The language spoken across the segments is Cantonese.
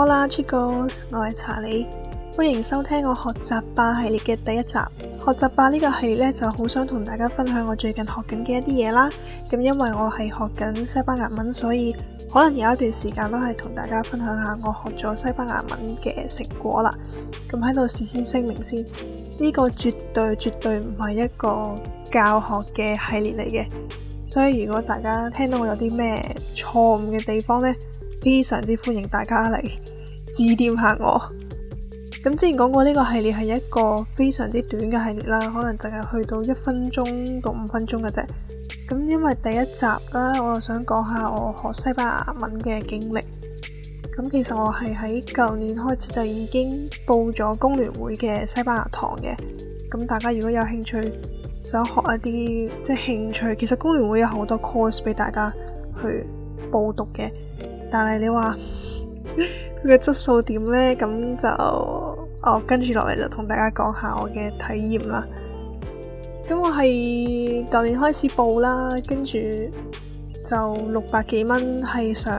Hola chicos, 我係查理，歡迎收聽我學習吧系列嘅第一集。學習吧呢，這個系列咧，就好想同大家分享我最近學緊嘅一啲嘢啦。咁、嗯、因為我係學緊西班牙文，所以可能有一段時間都係同大家分享下我學咗西班牙文嘅成果啦。咁喺度事先聲明先，呢，這個絕對絕對唔係一個教學嘅系列嚟嘅。所以如果大家聽到我有啲咩錯誤嘅地方呢，非常之歡迎大家嚟。指點下我。咁之前講過呢個系列係一個非常之短嘅系列啦，可能淨係去到一分鐘到五分鐘嘅啫。咁因為第一集啦，我又想講下我學西班牙文嘅經歷。咁其實我係喺舊年開始就已經報咗工聯會嘅西班牙堂嘅。咁大家如果有興趣想學一啲即係興趣，其實工聯會有好多 course 俾大家去報讀嘅。但係你話，佢嘅質素點呢？咁就哦，跟住落嚟就同大家講下我嘅體驗啦。咁我係舊年開始報啦，跟住就六百幾蚊係上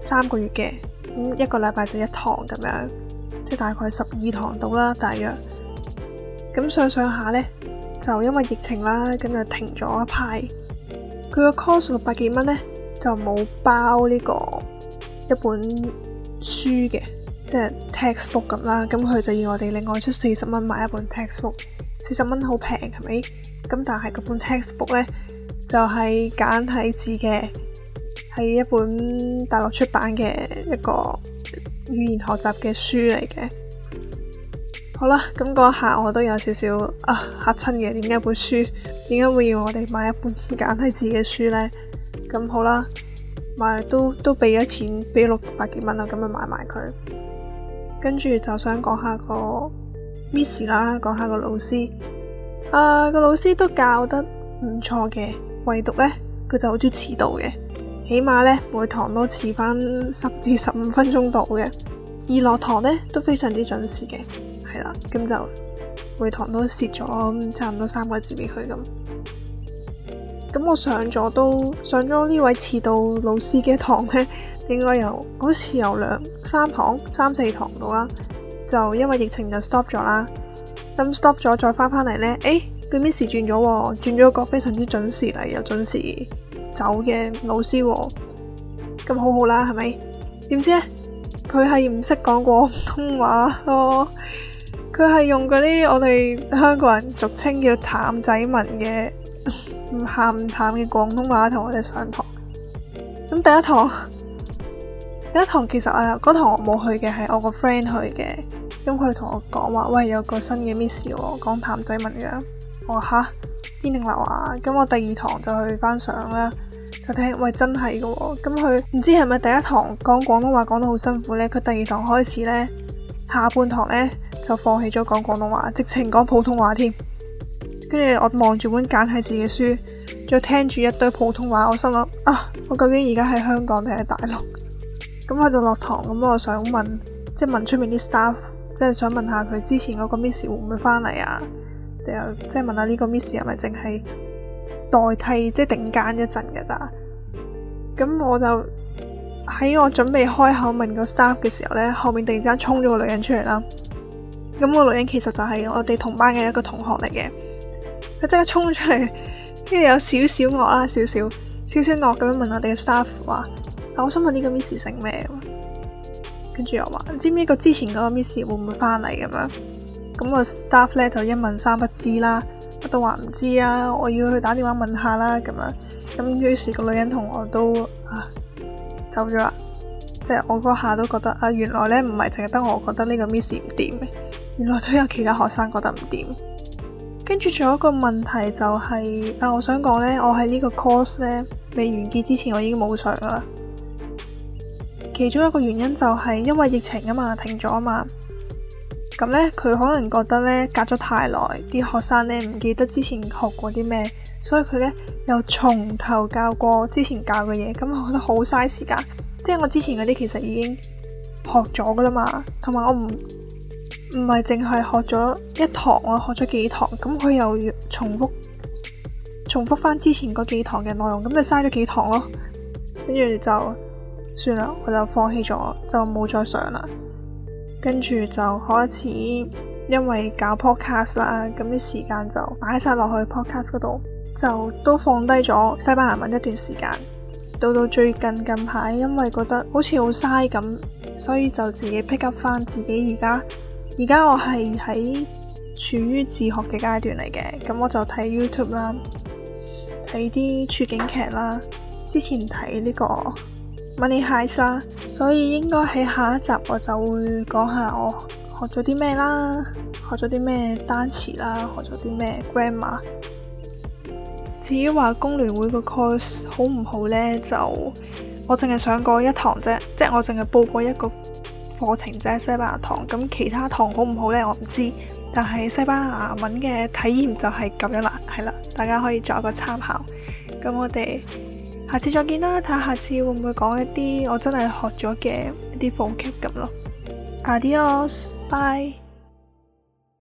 三個月嘅，咁一個禮拜就一堂咁樣，即係大概十二堂度啦，大約咁上上下呢，就因為疫情啦，咁就停咗一排。佢個 course 六百幾蚊呢，就冇包呢個一本。書嘅，即係 textbook 咁啦，咁佢就要我哋另外出四十蚊買一本 textbook，四十蚊好平係咪？咁但係嗰本 textbook 呢，就係簡體字嘅，係一本大陸出版嘅一個語言學習嘅書嚟嘅。好啦，咁嗰下我都有少少啊嚇親嘅，點解本書，點解會要我哋買一本簡體字嘅書呢？咁好啦。咪都都俾咗錢，俾六百幾蚊啦，咁咪買埋佢。跟住就想講下個 Miss 啦，講下個老師。啊、呃，個老師都教得唔錯嘅，唯獨呢，佢就好鍾意遲到嘅。起碼呢，每堂都遲翻十至十五分鐘到嘅，而落堂呢，都非常之準時嘅，係啦。咁就每堂都蝕咗差唔多三個字俾佢咁。咁我上咗都上咗呢位遲到老師嘅堂呢，應該有好似有兩三堂，三四堂到啦，就因為疫情就 stop 咗啦。咁 stop 咗再翻返嚟呢，誒佢 miss 轉咗，轉咗個非常之準時嚟又準時走嘅老師，咁、欸、好好啦，係咪？點知呢？佢係唔識講廣東話咯，佢係用嗰啲我哋香港人俗稱叫譚仔文嘅。唔鹹唔淡嘅廣東話同我哋上堂，咁第一堂，第一堂其實啊，嗰堂我冇去嘅係我個 friend 去嘅，咁佢同我講話，喂，有個新嘅 miss 喎，講譚仔文樣，我話吓，邊定樓啊？咁我第二堂就去返上啦，就聽，喂，真係嘅喎，咁佢唔知係咪第一堂講廣東話講得好辛苦呢？佢第二堂開始呢，下半堂呢，就放棄咗講廣東話，直情講普通話添。跟住我望住本簡體字嘅書，再聽住一堆普通話，我心諗啊，我究竟而家喺香港定係大陸？咁去到落堂咁，我想問，即係問出面啲 staff，即係想問下佢之前嗰個 miss 會唔會翻嚟啊？定係即係問下呢個 miss 係咪淨係代替即係頂崗一陣㗎？咋咁我就喺我準備開口問個 staff 嘅時候呢，後面突然之間衝咗個女人出嚟啦。咁個女人其實就係我哋同班嘅一個同學嚟嘅。佢即刻衝出嚟，跟住有少少惡啦，少少少少惡咁樣問我哋嘅 staff 話：，啊，我想問呢個 miss 姓咩？跟住又話：，你知唔知個之前嗰個 miss 會唔會返嚟？咁樣咁個 staff 咧就一問三不知啦，乜都話唔知啊，我要去打電話問下啦，咁樣咁於是個女人同我都啊走咗啦，即係我嗰下都覺得啊，原來咧唔係淨係得我覺得呢個 miss 唔掂嘅，原來都有其他學生覺得唔掂。跟住仲有一個問題就係、是，但，我想講呢，我喺呢個 course 呢未完結之前，我已經冇上噶啦。其中一個原因就係因為疫情啊嘛，停咗啊嘛。咁呢，佢可能覺得呢隔咗太耐，啲學生呢唔記得之前學過啲咩，所以佢呢又從頭教過之前教嘅嘢，咁我覺得好嘥時間。即係我之前嗰啲其實已經學咗噶啦嘛，同埋我唔。唔係淨係學咗一堂啊，學咗幾堂咁，佢又要重複重複翻之前嗰幾堂嘅內容，咁就嘥咗幾堂咯。跟住就算啦，我就放棄咗，就冇再上啦。跟住就開始因為搞 podcast 啦，咁啲時間就擺晒落去 podcast 嗰度，就都放低咗西班牙文一段時間。到到最近近排，因為覺得好似好嘥咁，所以就自己 pick up 翻自己而家。而家我係喺處於自學嘅階段嚟嘅，咁我就睇 YouTube 啦，睇啲處境劇啦，之前睇呢個 Money Heist 啦，所以應該喺下一集我就會講下我學咗啲咩啦，學咗啲咩單詞啦，學咗啲咩 grammar。至於話工聯會個 course 好唔好呢？就我淨係上過一堂啫，即係我淨係報過一個。課程即係西班牙堂，咁其他堂好唔好呢？我唔知，但係西班牙文嘅體驗就係咁樣啦，係啦，大家可以作一個參考。咁我哋下次再見啦，睇下下次會唔會講一啲我真係學咗嘅一啲課劇咁咯。Adios，bye。